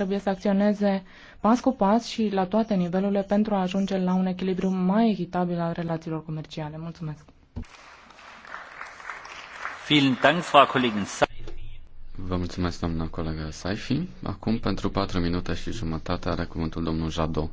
trebuie să acționeze pas cu pas și la toate nivelurile pentru a ajunge la un echilibru mai echitabil al relațiilor comerciale. Mulțumesc! Vă mulțumesc, doamna colegă Saifi. Acum, pentru patru minute și jumătate, are cuvântul domnul Jadot.